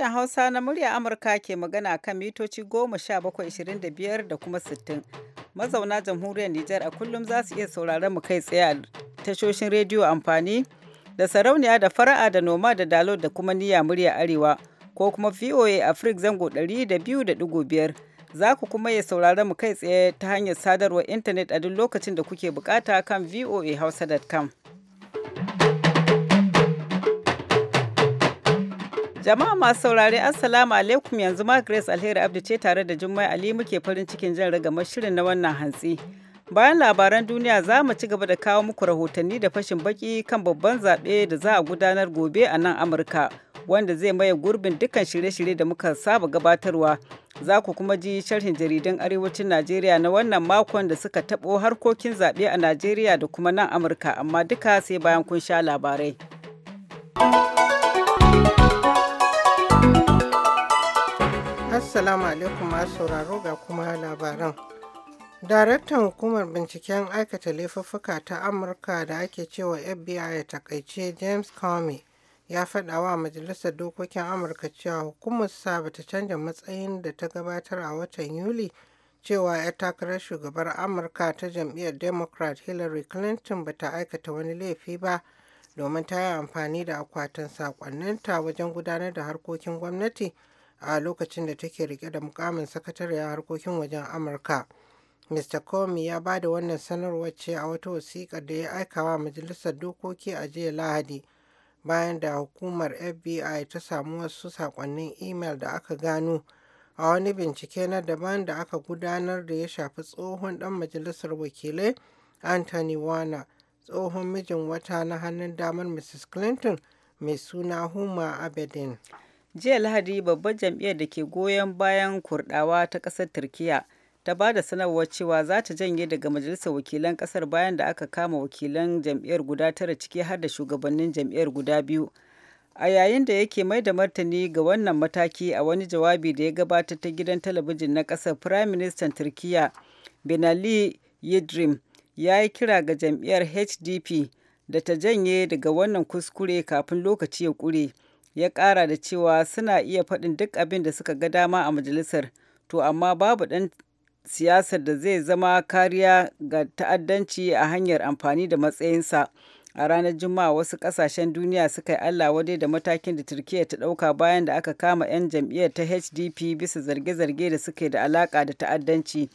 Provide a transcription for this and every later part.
Sashen Hausa na murya Amurka ke magana kan mitoci 17,25 da kuma 60. Mazauna jamhuriyar Nijar a kullum za su iya sauraron mu kai tsaye a tashoshin rediyo amfani da sarauniya da fara'a da noma da dalo da kuma niyya murya arewa ko kuma VOA Africa zango 200.5 za ku kuma iya sauraron mu kai tsaye ta hanyar sadarwar intanet a duk lokacin da kuke bukata kan voahausa.com. Jama'a masu saurare Assalamu alaikum yanzu ma Grace Alheri Abdu ce tare da Jummai Ali muke farin cikin jan ragamar shirin na wannan hantsi. Bayan labaran duniya za mu ci gaba da kawo muku rahotanni da fashin baki kan babban zaɓe da za a gudanar gobe a nan Amurka wanda zai maye gurbin dukkan shirye-shirye da muka saba gabatarwa. Za ku kuma ji sharhin jaridan Arewacin Najeriya na wannan makon da suka taɓo harkokin zaɓe a Najeriya da kuma nan Amurka amma duka sai bayan kun sha labarai. Assalamu alaikum masu sauraro ga kuma labaran. Daraktan hukumar binciken aikata laifuffuka ta Amurka da ake cewa FBI ya takaice James Comey ya faɗa wa Majalisar Dokokin Amurka cewa hukumarsa ba ta canja matsayin da ta gabatar a watan Yuli cewa 'ya takarar shugabar Amurka ta jam'iyyar Democrat Hillary Clinton ba ta aikata wani laifi ba domin ta yi amfani da akwatin sakonninta wajen gudanar da harkokin gwamnati. a lokacin da take rike da mukamin sakatariyar harkokin wajen amurka mr comey ya ba da wannan sanarwar ce a wata wasiƙa da ya aika wa majalisar dokoki a jiya lahadi bayan da hukumar fbi ta samu wasu saƙonnin imel da aka gano a wani bincike na daban da aka gudanar da ya shafi tsohon dan majalisar wakilai anthony wana tsohon mijin wata na hannun damar mrs clinton mai suna huma abedin jiya lahadi babbar jam'iyyar da ke goyon bayan kurdawa ta ƙasar Turkiyya, ta ba da sanarwar cewa za ta janye daga majalisar wakilan ƙasar bayan da aka kama wakilan jam'iyyar guda tara ciki har da shugabannin jam'iyyar guda biyu a yayin da yake mai da martani ga wannan mataki a wani jawabi da ya gabata ta gidan talabijin na ƙasar prime minister turkiya benali yidrim ya yi kira ga jam'iyyar hdp da ta janye daga wannan kuskure kafin lokaci ya ƙure ya ƙara da cewa suna iya faɗin duk abin da suka ga dama a majalisar to amma babu ɗan siyasar da zai zama kariya ga ta'addanci a hanyar amfani da matsayinsa a ranar juma'a wasu kasashen duniya suka yi allah wadai da matakin da Turkiyya ta ɗauka bayan da aka kama 'yan jam'iyyar ta hdp bisa zarge-zarge da suke da alaƙa da ta'addanci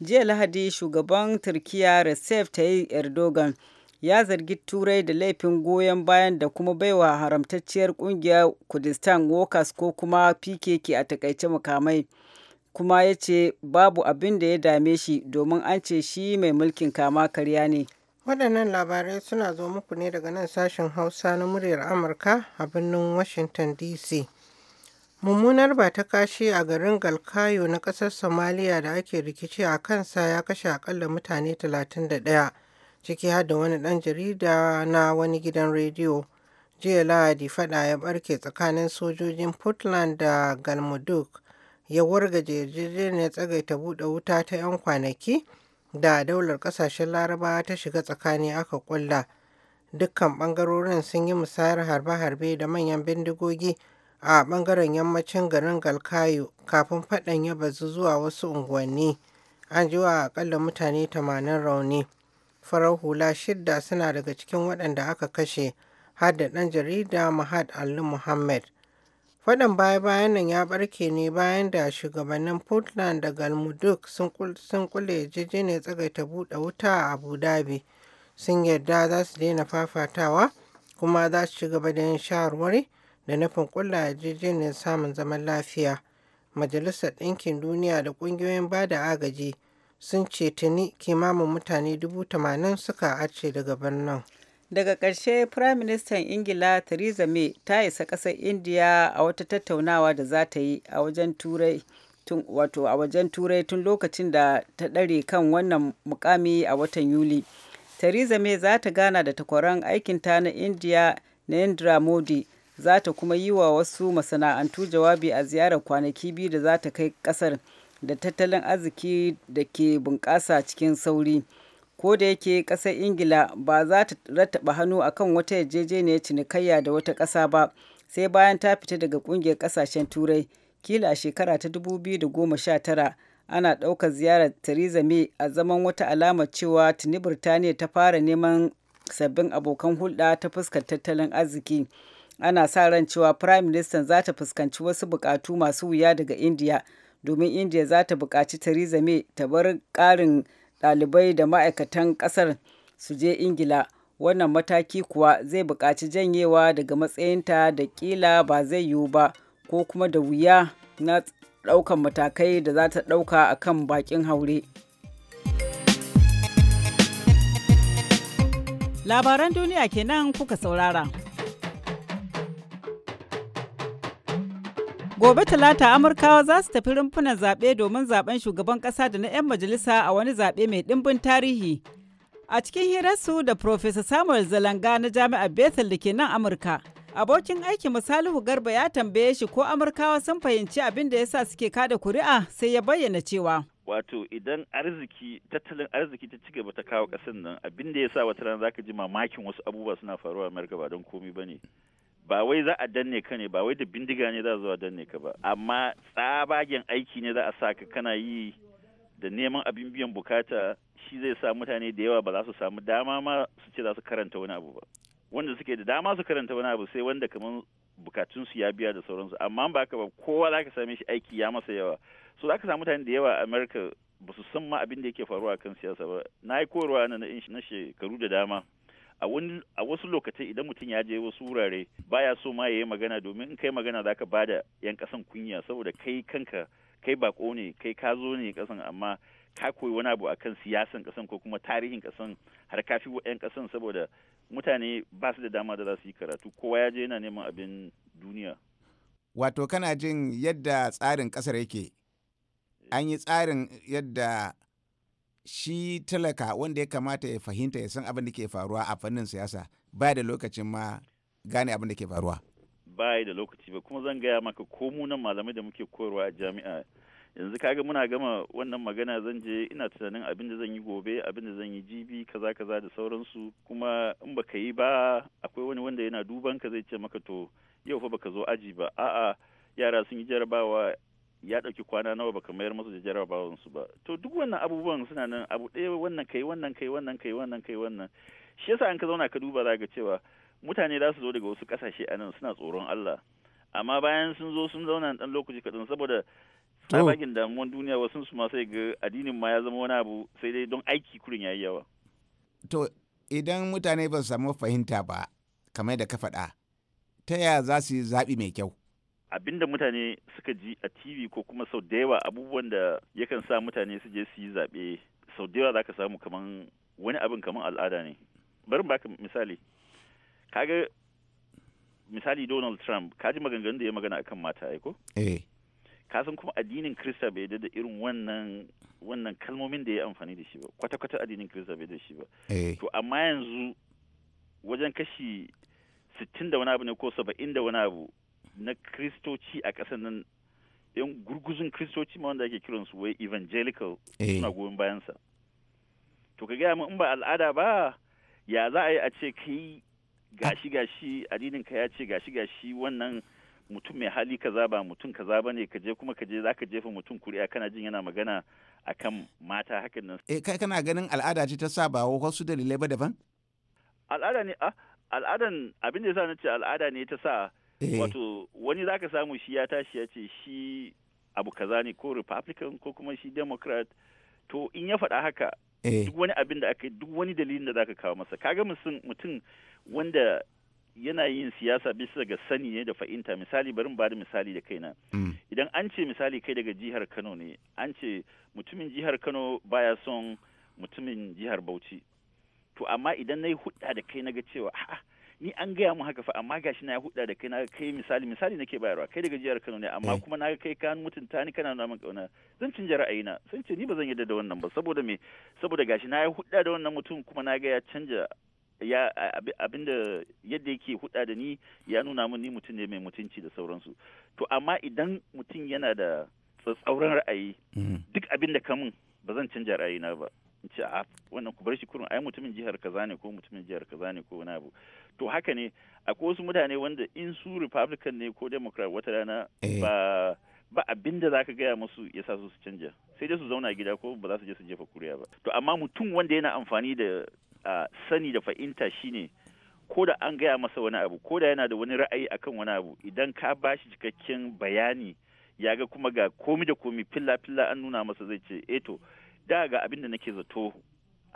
jiya lahadi shugaban turkiya recep tayyip erdogan ya zargi turai da laifin goyon bayan da kuma baiwa haramtacciyar kungiyar kudistan workers ko kuma pkk a takaice mukamai kuma ya ce babu abin da ya dame shi domin an ce shi mai mulkin kama karya ne waɗannan labarai suna zo muku ne daga nan sashen hausa na muryar amurka a birnin washington dc mummunar ba ta kashi a garin galkayo na ƙasar somaliya da ake rikici a kansa ya kashe akalla mutane 31 ciki har da wani ɗan jarida na wani gidan rediyo. Jiya Lahadi fada ya barke tsakanin sojojin Puntland da Galmudug ya wargaje ya tsagaita buɗe wuta ta 'yan kwanaki da daular ƙasashen Larabawa ta shiga tsakani aka ƙulla. Dukkan ɓangarorin sun yi musayar harbe-harbe da manyan bindigogi a ɓangaren yammacin garin Galkayu kafin faɗan ya bazu zuwa wasu unguwanni. An ji wa akalla mutane 80 rauni. farar hula shidda suna daga cikin waɗanda aka kashe har da ɗan jarida Mahad Ali Muhammad. Faɗin baya-bayan nan ya barke ne bayan da shugabannin portland da Galmudug sun kule jijine tsagaita buɗe wuta a Abu Dhabi. Sun yarda za su daina fafatawa kuma za su ci gaba da yin shawarwari da nufin kulla jijine samun zaman lafiya. Majalisar Ɗinkin Duniya da ƙungiyoyin ba da agaji sun ce tuni kimamin mutane 80,000 tamanin suka ace daga birnin. Daga ƙarshe Prime Minister Ingila Theresa May ta isa ƙasar India a wata tattaunawa da za ta yi a wajen Turai tun wato a wajen Turai tun lokacin da ta ɗare kan wannan mukami a watan Yuli. Theresa May za ta gana da takwaran aikinta na India Narendra Modi za ta kuma yi wa wasu masana'antu jawabi a ziyarar kwanaki biyu da za ta kai ƙasar. da tattalin arziki da ke bunƙasa cikin sauri ko da yake ƙasar ingila ba za ta rattaba hannu kan wata yarjejeniyar cinikayya da wata ƙasa ba sai bayan ta fita daga ƙungiyar ƙasashen turai kila a shekara ta 2019 ana ɗaukar ziyarar theresa may a zaman wata alamar cewa tuni birtaniya ta fara neman sabbin abokan hulɗa ta fuskar tattalin arziki ana sa ran cewa prime minister za ta fuskanci wasu buƙatu masu wuya daga indiya. domin India za ta buƙaci Theresa May ta bar ƙarin ɗalibai da ma'aikatan ƙasar su je Ingila. Wannan mataki kuwa zai buƙaci janyewa daga matsayinta da ƙila ba zai yiwu ba ko kuma da wuya na ɗaukan matakai da za ta ɗauka a kan baƙin haure. Labaran duniya kenan kuka saurara. Gobe Talata Amurkawa za su tafi rumfunan zaɓe domin zaɓen shugaban ƙasa da na 'yan majalisa a wani zaɓe mai ɗimbin tarihi. A cikin hirarsu da Profesa Samuel Zalanga na Jami'ar Bethel da ke nan Amurka, abokin aiki misalihu Garba ya tambaye shi ko Amurkawa sun fahimci abin da ya sa suke kada kuri'a sai ya bayyana cewa. Wato idan arziki tattalin arziki ta cigaba ta kawo ƙasar nan abin da sa wata rana zaka ji mamakin wasu abubuwa suna faruwa Amurka ba don komi ba ne. ba wai za a danne ka ne ba wai da bindiga ne za zuwa danne ka ba amma tsabagen aiki ne za a sa ka kana yi da neman abin biyan bukata shi zai sa mutane da yawa ba za su samu dama ma su ce za su karanta wani abu ba wanda suke da dama su karanta wani abu sai wanda kamar bukatunsu ya biya da sauransu amma ba ka ba kowa za ka same shi aiki ya masa yawa so za ka samu mutane da yawa a america ba su san ma abin da yake faruwa kan siyasa ba na yi korowa na na shekaru da dama a wasu lokacin idan mutum ya je wasu wurare baya so ma ya yi magana domin in kai magana za ka bada yan kasan kunya saboda kai kanka kai bako ne kai ka zo ne kasan amma ka koyi wani abu akan siyasan kasan ko kuma tarihin kasan har ka fi yan kasan saboda mutane ba su da dama da za su yi karatu kowa ya je yana neman abin duniya wato kana jin yadda tsarin kasar yake an yi tsarin yadda shi talaka wanda ya kamata ya fahimta ya san abin da ke faruwa a fannin siyasa ba da lokacin ma gane abin da ke faruwa ba da lokaci ba kuma zan gaya maka ko munan malamai da muke koyarwa a jami'a yanzu kaga muna gama wannan magana zan je ina tunanin abin da zan yi gobe abin da zan yi jibi kaza kaza da sauransu kuma in baka yi ba akwai wani wanda yana duban ka zai ce maka to yau fa baka zo aji ba a'a yara sun yi jarabawa ya ɗauki kwana nawa baka mayar masa da jarabawan su ba to duk wannan abubuwan suna nan abu ɗaya wannan kai wannan kai wannan kai wannan kai wannan shi yasa an ka zauna ka duba za cewa mutane za su zo daga wasu ƙasashe a nan suna tsoron Allah amma bayan sun zo sun zauna ɗan lokaci kaɗan saboda tsabagen oh. damuwan duniya wasu su ma sai ga addinin ma ya zama wani abu sai dai don aiki kurin ya yi yawa to idan mutane ba su samu fahimta ba kamar da ka faɗa ta yaya za su yi zaɓi mai kyau abinda mutane suka ji a TV ko kuma sau da yawa abubuwan da yakan sa mutane su je su yi zaɓe sau da yawa za ka samu kaman wani abin kaman al'ada ne barin baka misali kaga misali Donald Trump ka ji maganganun da ya magana akan mata ko eh san kuma addinin Kirista bai da irin wannan wannan kalmomin da ya amfani da shi ba kwata kwata addinin Kirista bai da shi ba eh. to amma yanzu wajen kashi sittin da wani abu ne ko saba'in da wani abu na kristoci a ƙasar nan yan gurguzun kristoci ma wanda ake su wai evangelical eh. suna goyon bayansa to ka gaya in ba al'ada ba ya za a yi a ce kai gashi gashi addinin ka ya ce gashi gashi wannan mutum mai hali kaza ba mutum kaza ba ne ka je kuma ka je ka jefa mutum kuri'a kana jin yana magana akan mata hakan nan eh kai kana ganin al'ada ce ta sa ba wasu dalilai ba daban al'ada ne a ah, al'adan abin da yasa ce al'ada ne ta sa Eh. wato wani za ka samu shi ya tashi ya ce shi abu kaza ne ko republican ko kuma shi democrat to in ya faɗa haka eh. duk wani abin da aka yi duk wani dalilin da za ka kawo masa kaga mutum wanda yana yin siyasa bisa ga sani ne da fahimta misali barin mu bada misali da kaina mm. idan an ce misali kai daga jihar kano ne an ce mutumin jihar kano baya son mutumin jihar bauchi to amma idan nayi yi hudda da kai na ga cewa a'a ni an gaya mu haka fa amma gashi na ya huda da kai na kai misali misali nake bayarwa kai daga jihar Kano ne amma eh. kuma na kai ka mutunta ni kana nuna min kauna zan canja ra'ayina sai ce ni ba zan yarda da wannan ba saboda me saboda gashi na ya huda da wannan mutum kuma na ga ya canja ya abinda yadda yake huda da ni ya nuna min ni mutum ne mai mutunci da sauransu to amma idan mutum yana da tsatsauran ra'ayi mm. duk abinda kamun ba zan canja ra'ayina ba ce a ah, wannan ku bar shi kurun ai mutumin jihar kaza ne ko mutumin jihar kaza ne ko wani abu to haka ne akwai wasu mutane wanda in su republican ne ko democrat wata rana eh. ba ba abin da zaka gaya masu ya sa su su canja sai dai su zauna gida ko ba za su je su jefa kuriya ba to amma mutum wanda yana amfani da sani da fahimta shine ko da an gaya masa wani abu ko da yana da wani ra'ayi akan wani abu idan ka bashi cikakken bayani ya ga kuma ga komi da komi filla filla an nuna masa zai ce eto eh to da ga abin da nake zato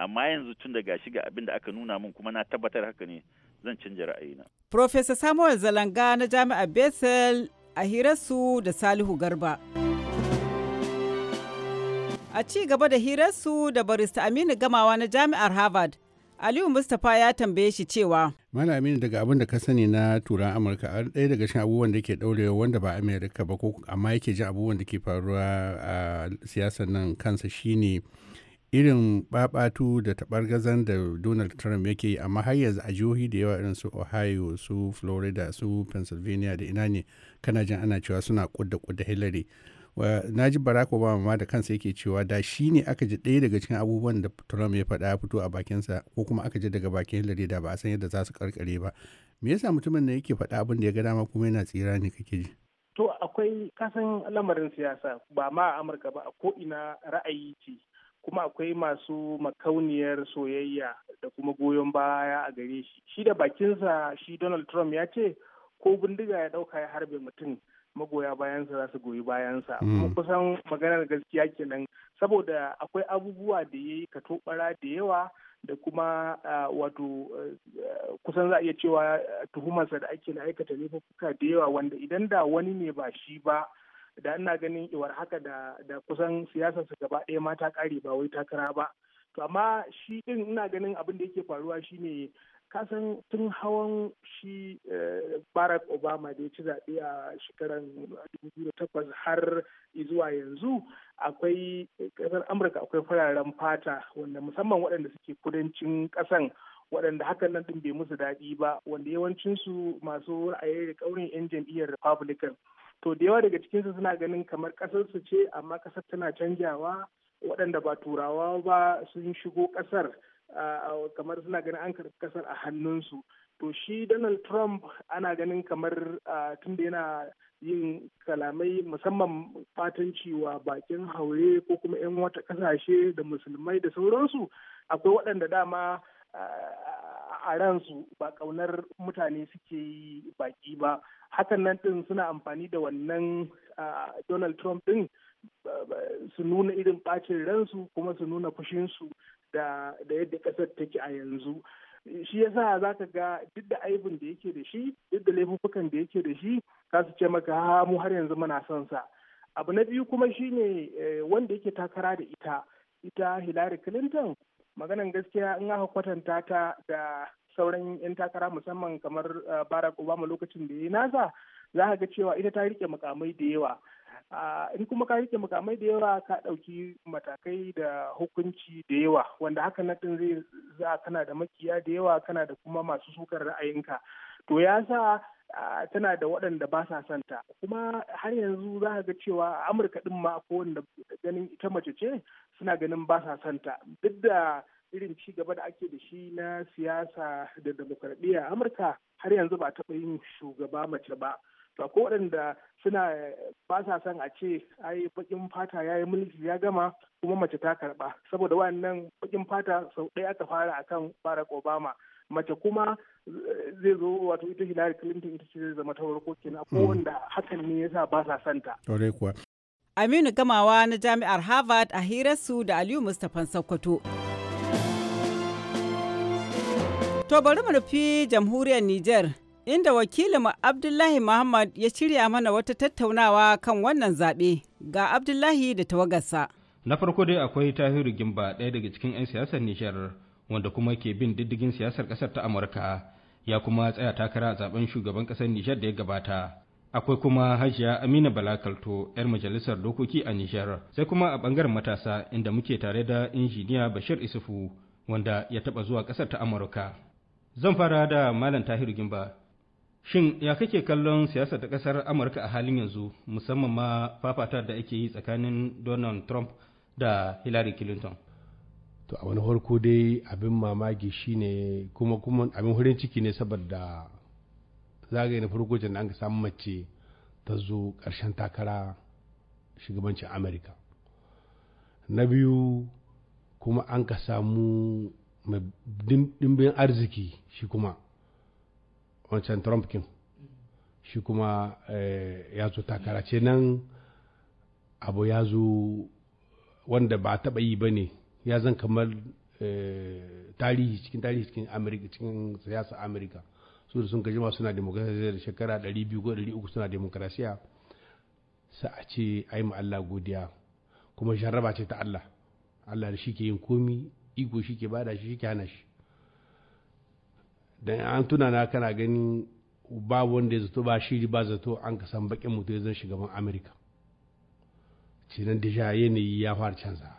amma yanzu tun da gashi ga abin da aka nuna min kuma na tabbatar haka ne zan canja ra'ayina. Profesa Samuel Zalanga na Jami'ar Bethel a hirarsu da Salihu Garba. A ci gaba da hirarsu da barista Aminu Gamawa na Jami'ar Harvard, Aliyu Mustapha ya tambaye shi cewa malami daga abin da ka sani na turan amurka a ɗaya daga cikin abubuwan da ke ɗaurewa wanda ba amerika ba ko amma yake ji abubuwan da ke faruwa a siyasar nan kansa shine irin babatu da taɓargazan da donald trump yake yi amma har yanzu a jihohi da yawa irin su ohio su florida su pennsylvania da ina ne kana jin ana cewa suna kudda kudda hillary na ji barack obama ma da kansa yake cewa da shi ne aka ji ɗaya daga cikin abubuwan da trump ya faɗa ya fito a bakinsa ko kuma aka ji daga bakin hillary da ba a san yadda za su karkare ba me yasa mutumin na yake faɗa abin da ya ga dama kuma yana tsira ne kake ji to akwai kasan lamarin siyasa ba ma a amurka ba a ko ina ra'ayi ce kuma akwai masu makauniyar soyayya da kuma goyon baya a gare shi shi da bakinsa shi donald trump ya ce ko bindiga ya ɗauka ya harbe mutum magoya bayansa za su goyi bayansa hmm. kuma kusan maganar gaskiya kenan saboda akwai abubuwa da ya yi ka tobara da yawa da kuma wato kusan za a iya cewa tuhumarsa da ake na aikata laifuka da yawa wanda idan da wani ne ba shi ba da ina ganin iwar haka da da kusan siyasarsa gaba ɗaya mata ta ƙare ba wai takara ba to amma shi ɗin ina ganin abin da yake faruwa shine kasan tun hawan shi eh, barack obama da ya ci zaɓe a shekarar 2008 har zuwa yanzu akwai eh, ƙasar amurka akwai fararen fata wanda musamman waɗanda suke kudancin ƙasan waɗanda hakan nan ɗin bai musu daɗi ba wanda yawancinsu masu ra'ayi da ƙaurin 'yan jam'iyyar republican to da yawa daga cikinsu suna ganin kamar ƙasarsu ce amma ƙasar tana canjawa waɗanda ba turawa ba sun shigo ƙasar kamar suna ganin an karɓi kasar a hannunsu to shi donald trump ana ganin kamar tun da yana yin kalamai musamman fatan cewa bakin haure ko kuma 'yan wata kasashe da musulmai da sauransu akwai waɗanda dama a ransu ba ƙaunar mutane suke yi baki ba hakan nan ɗin suna amfani da wannan donald trump ɗin su nuna irin ɓacin ransu kuma su nuna fushinsu da yadda ƙasar take a yanzu shi yasa za ka ga duk da aibin da yake da shi duk da laifukan da yake da shi za su ce maka ha mu har yanzu muna son sa abu na biyu kuma shine eh, wanda yake takara da ita ita Hillary Clinton maganan gaskiya in aka kwatanta ta da sauran 'yan takara musamman kamar eh, Barack Obama lokacin da ya nasa za ka ga cewa ita ta rike makamai da yawa in kuma ka rike mukamai da yawa ka ɗauki matakai da hukunci da yawa wanda haka na ɗin zai za kana da makiya da yawa kana da kuma masu sukar ra'ayinka to ya sa tana da waɗanda ba sa santa kuma har yanzu za ka ga cewa amurka ɗin ma ko wanda ganin ita mace ce suna ganin ba sa santa duk da irin ci gaba da ake da shi na siyasa da demokradiyya amurka har yanzu ba taɓa yin shugaba mace ba ko waɗanda suna ba sa son a ce ai bakin fata ya yi mulki ya gama kuma mace ta karɓa saboda wannan bakin fata sau ɗaya aka fara akan barack obama mace kuma eh, zai zo wato ita hillary clinton ita ce zai zama ta farko kenan ko mm. wanda hakan ne yasa ba sa son ta Aminu Gamawa na Jami'ar Harvard a hirarsu da Aliyu Mustapha Sokoto. To bari mu rufi jamhuriyar Nijar. inda wakilin Abdullahi Muhammad ya shirya mana wata tattaunawa kan wannan zaɓe ga Abdullahi da tawagarsa. Na farko dai akwai Tahiru Gimba ɗaya daga cikin 'yan siyasar Nijar wanda kuma ke bin diddigin siyasar ƙasar ta Amurka ya kuma tsaya takara a zaben shugaban ƙasar Nijar da ya gabata. Akwai kuma Hajiya Amina Balakalto 'yar majalisar dokoki a Nijar sai kuma a ɓangaren matasa inda muke tare da injiniya Bashir Isufu wanda ya taɓa zuwa ƙasar ta Amurka. Zan fara da Malam Tahiru Gimba Shin ya kake kallon siyasa ta kasar Amurka a halin yanzu musamman ma fafatar da ake yi tsakanin Donald Trump da Hillary Clinton? To a wani farko dai abin mamaki shine kuma kuma abin hurin ciki ne saboda zagaye na farko da an samu mace ta zo karshen takara shugabancin Amurka. Na biyu kuma an ka samu mai dimbin arziki shi kuma. wancan trump king shi kuma eh, ya zo takara ce nan abu ya zo wanda ba taɓa yi ba ne ya zan kamar eh, tarihi cikin tarihi cikin amurka cikin siyasa amurka su da sun gaji ma suna demokrasiya da shekara 200 ko 300 suna demokrasiya sa a ce ai ma Allah godiya kuma jarraba ce ta Allah Allah da shi ke yin komi iko shi ke bada shi shi ke hana shi dan an tuna na kana gani babu wanda ya zato ba shi ba zato an ka san bakin mutu ya zan shugaban amerika cinan deja yanayi ya fara canza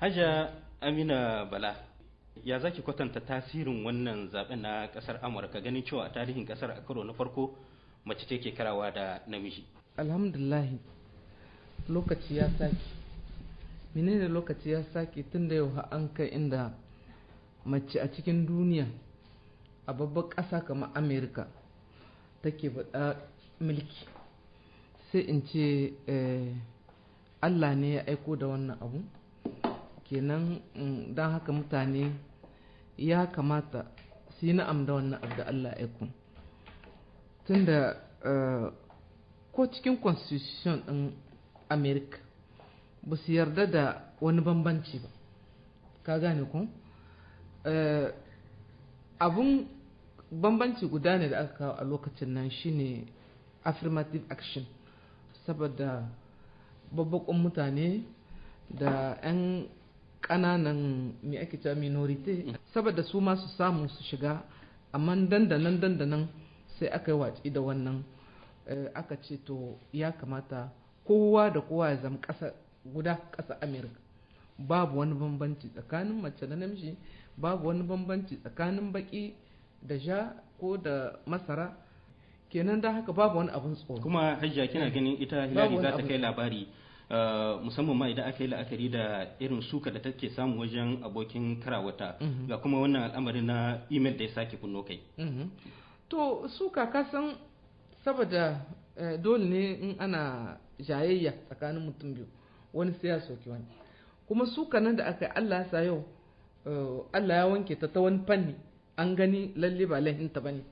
haja amina bala ya zaki kwatanta tasirin wannan zaɓe na ƙasar amurka ganin cewa a tarihin ƙasar a karo na farko mace ce ke karawa da namiji alhamdulahi lokaci ya sake menene lokaci ya sake tun da yau an kai inda mace a cikin duniya a babbar ƙasa kamar amerika take faɗa mulki sai in ce eh, allah ne ya aiko da wannan abu kenan mm, don haka mutane ya kamata su yi na'am da wannan abu da allah aiko tunda eh, ko cikin constitution ɗin Amerika ba su yarda da wani bambanci ba ka gane ku eh, abun bambanci guda ne da aka kawo a lokacin nan shine affirmative action saboda babbakon mutane da 'yan kananan mai ake cewa minority saboda su ma su samu su shiga amma dandanan dandanan sai aka yi watsi da wannan eh, aka ce to ya kamata kowa da kowa ya zama ƙasa guda ƙasa amerika babu wani bambanci tsakanin mace da namiji babu wani bambanci tsakanin baki da ja ko da masara kenan da haka babu wani abin tsoro kuma hajja kina hmm. ganin ita hilali za ta kai labari uh, musamman ma idan aka yi la'akari da irin suka da take samu wajen abokin karawata hmm. ga kuma wannan al'amarin na imel da ya sake kunno kai hmm. to suka kasan saboda eh, dole ne in ana jayayya tsakanin mutum biyu wani sai ya soki wani kuma suka nan da aka yi allah sa yau eh, allah ya wanke ta ta wani fanni an gani lalle ba laifinta ba ne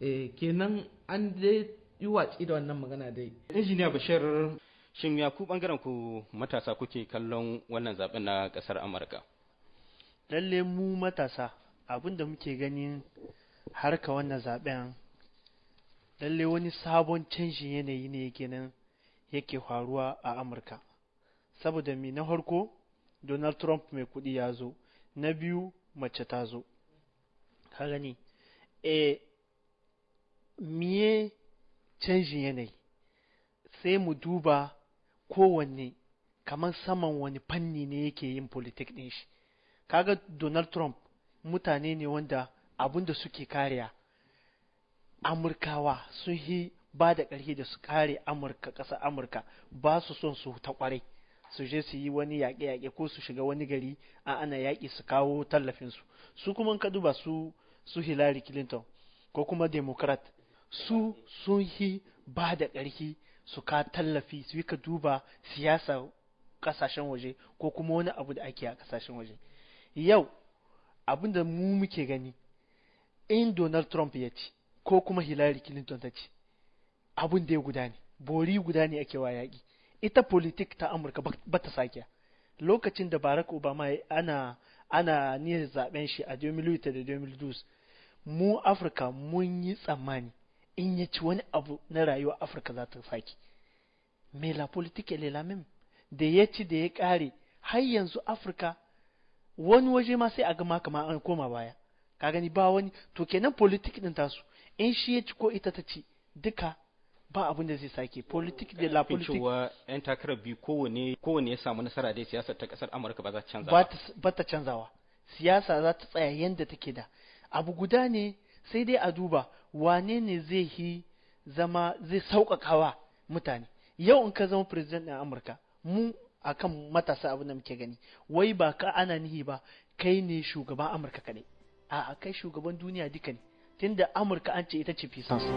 eh, kenan an dai yi watsi da wannan magana dai injiniya bashir shin ya ku bangaren ku matasa kuke kallon wannan zaben na kasar amurka lalle mu matasa abin da muke ganin harka wannan zaben lalle wani sabon canjin yanayi ne yake nan yake faruwa a amurka saboda mi na farko donald trump mai kuɗi ya zo na biyu mace ta zo ka gani e miye canjin yanayi sai mu duba kowanne kamar saman wani fanni ne yake yin politik ɗin shi kaga donald trump mutane ne wanda da suke kariya amurkawa sun yi ba da ƙarfi da su kare amurka ƙasa amurka ba su son su ta ƙwarai su je su yi wani yaƙe-yaƙe ko su shiga wani gari a ana yaƙi su kawo tallafinsu su kuma ka duba su su hillary clinton ko kuma democrat su sun yi ba da ƙarfi su ka tallafi su yi ka duba siyasa ƙasashen waje ko kuma wani abu da ake a ƙasashen waje yau abin da mu muke gani in donald trump ya ci ko kuma hillary clinton ta ci abin da ya guda ne bori guda ne ake wa yaƙi ita politik ta amurka ba ta sake lokacin da barack obama ana ana niyyar zaben shi a 2008 da 2012 mu afirka mun yi tsammani in ya ci wani abu na rayuwa afirka za ta sake me la le la est da ya ci da ya kare har yanzu afirka wani waje ma sai a gama kama an koma baya ka gani ba wani to kenan politik din tasu in shi ya ci ko ita ta ci duka ba abin da zai sake politik da eh, la politik cewa yan takarar biyu kowane kowane ya samu nasara dai siyasar ta kasar Amurka ba za ta canza ba ta canzawa siyasa za ta tsaya yanda take da abu guda ne sai dai a duba wane ne zai yi zama zai sauƙaƙawa mutane yau in ka zama president na Amurka mu akan matasa abin da muke gani wai ba ka ana nihi ba kai ne shugaban Amurka kaɗai a'a kai shugaban duniya duka ne tunda amurka an ce ita ce fisansu.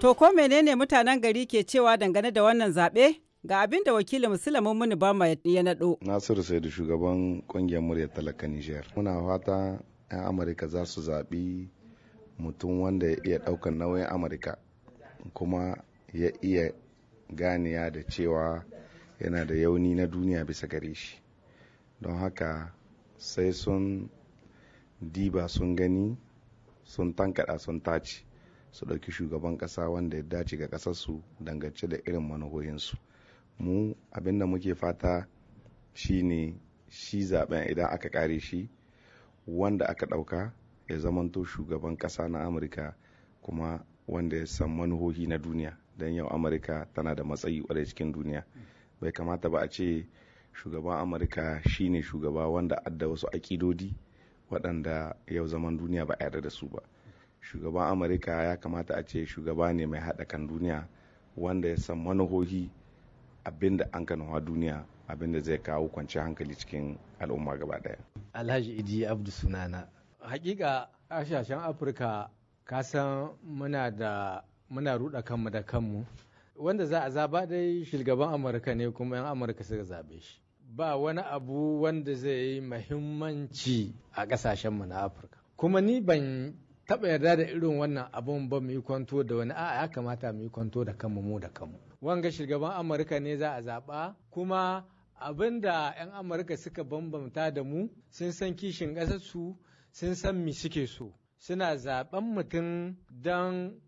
to ko menene mutanen gari ke cewa dangane da wannan zaɓe ga abin da wakilin musulmin muni bama ya naɗo. nasiru sai da shugaban ƙungiyar murya talaka nijar muna fata 'yan amurka za su zaɓi mutum wanda ya iya ɗaukar nauyin amurka kuma ya iya ganiya da cewa yana da yauni na duniya bisa gare shi don haka sai sun diba sun gani sun tankada sun tace su ɗauki shugaban ƙasa wanda ya dace ga ƙasarsu dangance da irin manahoyinsu mu abin da muke fata shine shi zaben idan aka kare shi wanda aka ɗauka ya zamanto shugaban ƙasa na amurka kuma wanda ya san manuhohi na duniya don yau amurka tana da matsayi kwarai cikin duniya bai kamata ba a ce shugaban amurka shine shugaba wanda adda wasu aƙidodi waɗanda yau zaman duniya ba a yarda da su ba shugaban amurka ya kamata a ce shugaba ne mai haɗa kan duniya wanda ya san manahohi abinda an kanawa duniya abinda zai kawo kwanciyar hankali cikin al'umma gaba ɗaya. alhaji idi abdu sunana hakika ashashen afirka ka san muna da muna ruɗa kanmu da kanmu wanda za a zaba dai shugaban amurka ne kuma yan amurka suka zabe shi ba wani abu wanda zai yi mahimmanci a mu na afirka kuma ni ban taɓa yarda da irin wannan abun ba mu yi kwanto da wani a'a ya kamata mu yi kwanto da kanmu mu da kanmu wanga shugaban amurka ne za a zaɓa kuma abin da 'yan amurka suka bambamta da mu sun san kishin ƙasarsu sun san mi suke so suna zaɓen mutum don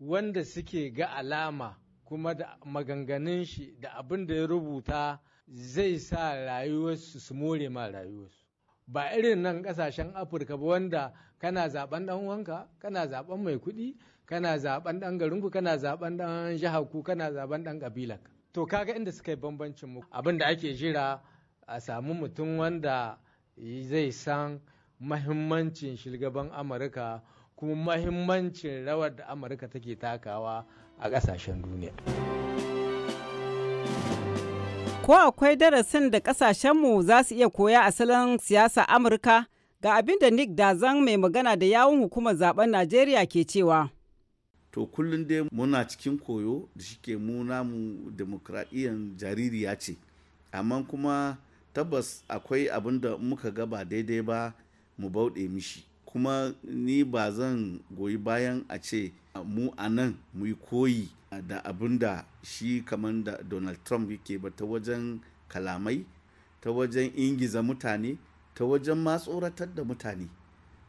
wanda suke ga alama kuma da maganganun shi da abin da ya rubuta zai sa rayuwarsu su more ma rayuwarsu ba irin nan kasashen afirka ba wanda kana zaben dan wanka, kana zaben mai kuɗi kana zaben dan garinku kana zaben dan ku, kana zaben dan kabilaka to kaga inda suka yi bambancin mu abin da ake jira a samu mutum wanda zai san mahimmancin shilgaban amurka kuma mahimmancin rawar da amurka take takawa a ƙasashen duniya. Ko akwai darasin da kasashenmu za su iya koya a salon siyasa Amurka ga abin da Nick Dazan mai magana da yawun hukumar zaben Najeriya ke cewa. To kullum dai muna cikin koyo da shike mu namu demokradiyyar jaririya ce, amma kuma tabbas akwai abin da muka ga ba daidai ba mu bauɗe mishi. Kuma ni ba zan goyi bayan a ce mu anan mu yi koyi da abin da shi kamar da donald trump yake ba ta wajen kalamai ta wajen ingiza mutane ta wajen ma tsoratar da mutane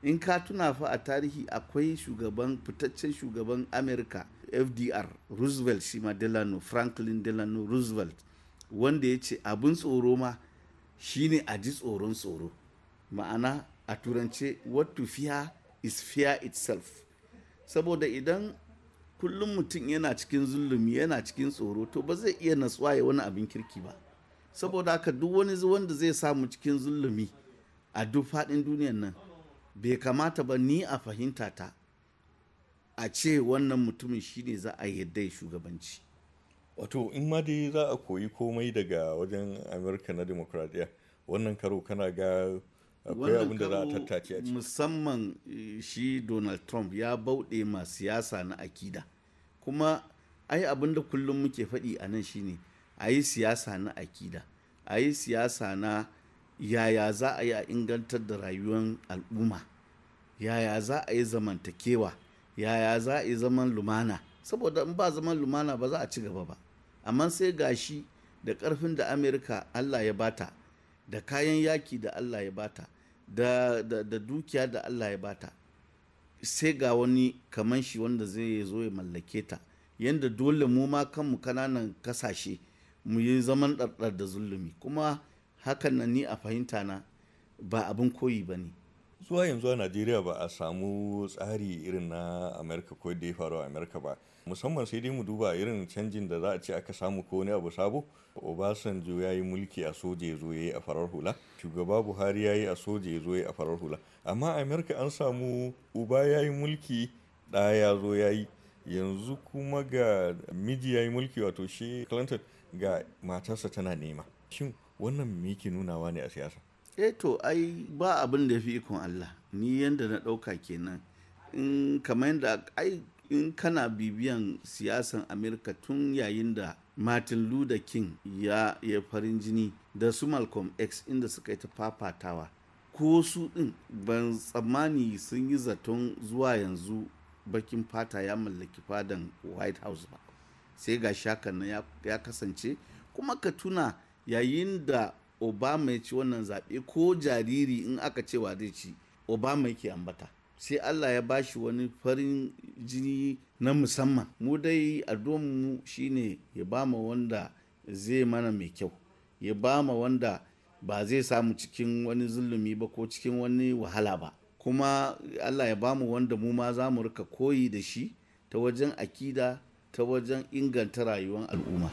in ka tuna fa a tarihi akwai shugaban fitaccen shugaban america fdr roosevelt shi ma delano franklin delano roosevelt wanda ya ce abin tsoro ma shine a ji tsoron tsoro ma'ana a turance what to fear is fear itself saboda idan kullum mutum yana cikin zulumi yana cikin tsoro to ba zai iya natsuwa ya wani abin kirki ba saboda haka duk wani wanda zai samu cikin zulumi a duk faɗin duniyan nan bai kamata ba ni a fahimta ta a ce wannan mutumin shine za a yadda ya shugabanci wato in ma dai za a koyi komai daga wajen amurka na demokradiyya wannan karo kana ga akwai abin da za a tattace a musamman eh, shi donald trump ya bauɗe ma siyasa na akida kuma ai abinda da kullum muke faɗi a nan shine a yi siyasa na akida a yi siyasa na yaya za a yi a ingantar da rayuwar al'umma yaya za a yi zamantakewa yaya za a yi zaman lumana saboda in ba zaman lumana ba za a ci gaba ba amma sai gashi da ƙarfin da amerika allah ya bata da kayan yaki da allah ya bata da, da, da dukiya da Allah ya bata sai ga wani kaman shi wanda zai zo ya mallake ta yadda dole mu ma kanmu kananan kasashe mu yi zaman ɗarɗar da zulumi kuma hakan nan ni a fahimta na ba abin koyi ba ne zuwa yanzu a najeriya ba a samu tsari irin na amerika ko da ya faru a amerika ba musamman sai dai mu duba irin canjin da za a ce aka samu ko wani abu sabo obasanjo ya yi mulki a soja ya zo ya yi a farar hula shugaba buhari ya yi a soja ya zo ya yi a farar hula amma a amerika an samu uba ya yi mulki ɗa ya zo ya yi yanzu kuma ga miji ya yi mulki wato shi clinton ga matarsa tana nema shin wannan me nunawa ne a siyasa eh to ai ba abin da ya fi ikon allah ni yanda na ɗauka kenan in kamar yadda ai in kana bibiyan siyasan amerika tun yayin da martin luther king ya ya farin jini da su malcolm x inda suka yi ta fafatawa ko su ɗin ban tsammani sun yi zaton zuwa yanzu bakin fata ya mallaki fadan white house ba sai ga shakan nan ya kasance kuma ka tuna yayin da obama ya ci wannan zaɓe ko jariri in aka cewa zai ci obama yake ambata sai Allah ya bashi wani farin jini na musamman mu dai mu shine ya bama wanda zai mana mai kyau ya bama wanda ba zai samu cikin wani zulumi ba ko cikin wani wahala ba kuma Allah ya bamu wanda mu ma za mu rika koyi da shi ta wajen akida ta wajen inganta rayuwar al'umma.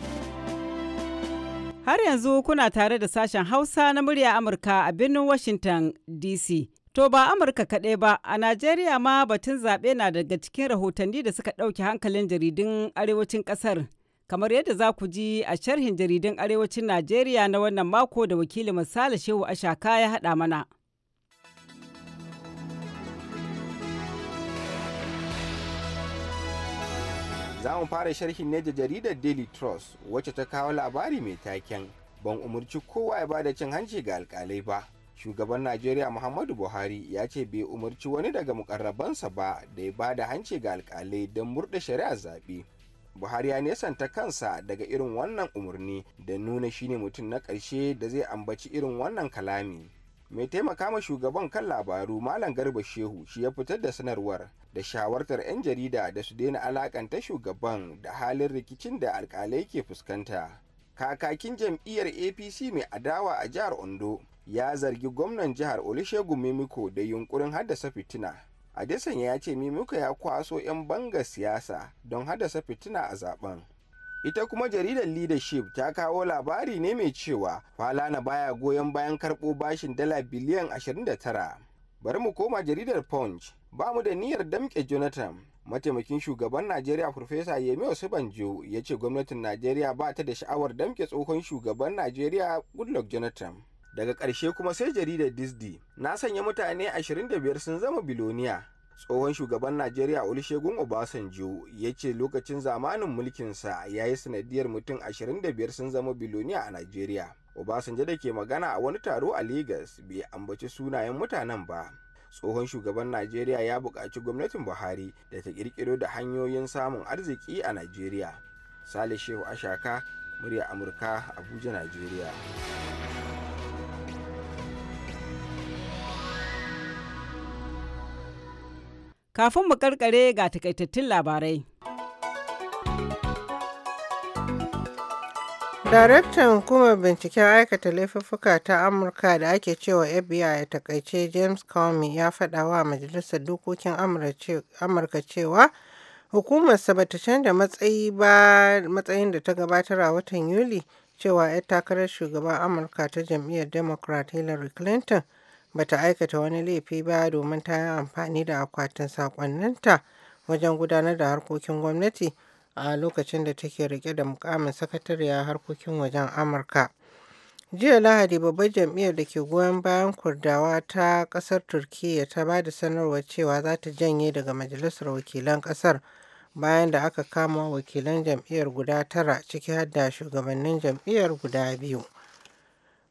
Har yanzu kuna tare da sashen Hausa na murya Amurka a birnin Washington DC. To ba Amurka kaɗai ba, a Najeriya ma batun zaɓe na daga cikin rahotanni da suka ɗauki hankalin jaridun arewacin ƙasar. Kamar yadda za ku ji a sharhin jaridun arewacin Najeriya na wannan mako da wakilin Misali Shehu Ashaka ya haɗa mana. Za mu fara sharhin ne da jaridar Daily Trust wacce ta kawo labari mai taken ban umarci kowa ya da cin hanci ga alkalai ba shugaban najeriya muhammadu buhari ya ce bai umarci wani daga mukarrabansa ba da ya ba da hanci ga alkalai don murɗe shari'ar zaɓe buhari ya nesanta kansa daga irin wannan umarni da nuna shine mutum na ƙarshe da zai ambaci irin wannan kalami mai taimaka ma shugaban kan labaru malam garba shehu shi ya fitar da sanarwar da shawartar 'yan jarida da su daina alakanta shugaban da halin rikicin da alkalai ke fuskanta kakakin jam'iyyar apc mai adawa a jihar ondo ya zargi gwamnan jihar Olusegun Mimiko da yunkurin haddasa fitina. Adesanya ya ce Mimiko ya kwaso 'yan banga siyasa don haddasa fitina a zaben. Ita kuma jaridar Leadership ta kawo labari ne mai cewa Falana baya goyon bayan karɓo bashin dala biliyan 29. Bari mu koma jaridar Punch, ba mu da niyyar damke Jonathan. Mataimakin shugaban Najeriya Profesa Yemi Osibanjo ya ce gwamnatin Najeriya ba ta da sha'awar damke tsohon shugaban Najeriya Goodluck Jonathan. daga ƙarshe kuma sai jaridar disney na sanya mutane 25 sun zama biloniya tsohon shugaban najeriya olusegun obasanjo ya ce lokacin zamanin mulkinsa ya yi sanadiyar mutum 25 sun zama biloniya a najeriya obasanjo da ke magana a wani taro a Legas, bai ambaci sunayen mutanen ba tsohon shugaban najeriya ya buƙaci gwamnatin buhari da ta ƙirƙiro da hanyoyin samun arziki a najeriya sale shehu ashaka murya amurka abuja najeriya Kafin mu karkare ga takaitattun labarai. Daraktan hukumar binciken aikata laifuffuka ta Amurka da ake cewa FBI ya takaice James Comey ya faɗa wa Majalisar Dokokin Amurka cewa hukumar ba canza matsayi ba matsayin da ta gabatar a watan Yuli cewa 'yar takarar shugaban Amurka ta jam'iyyar Democrat Hillary Clinton bata aikata wani laifi ba domin ta yi amfani da akwatin sakonninta wajen gudanar da harkokin gwamnati a lokacin da take rike da mukamin sakatariya harkokin wajen amurka jiya lahadi babbar jam'iyyar da ke goyon bayan kurdawa ta kasar turkiyya ta ba da sanarwar cewa za ta janye daga majalisar wakilan kasar bayan da aka kama wakilan jam'iyyar guda tara ciki har shugabannin jam'iyyar guda biyu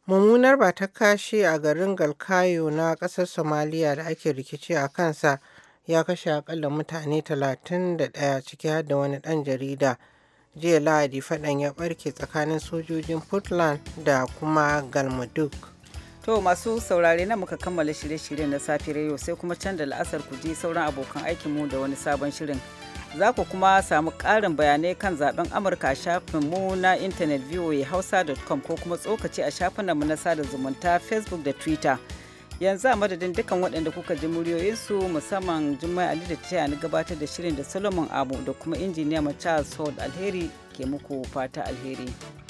mummunar kashe a garin galkayo na kasar somaliya da ake rikici a kansa ya kashe akalla mutane 31 ciki har da wani dan jarida jiya lahadi fadan ya barke tsakanin sojojin puntland da kuma galmaduk to masu saurare na muka kammala shirye-shiryen na safiyar yau sai kuma can da la'asar ku je sauran abokan aikinmu da wani sabon shirin za ku kuma samu ƙarin bayanai kan zaben amurka a shafinmu na intanet voahausa.com ko kuma tsokaci a shafinanmu na sada zumunta facebook da twitter yanzu a madadin dukkan waɗanda kuka ji muryoyinsu musamman jummai ali da ta ni gabatar da shirin da solomon abu da kuma injiniya charles ford alheri ke muku fata alheri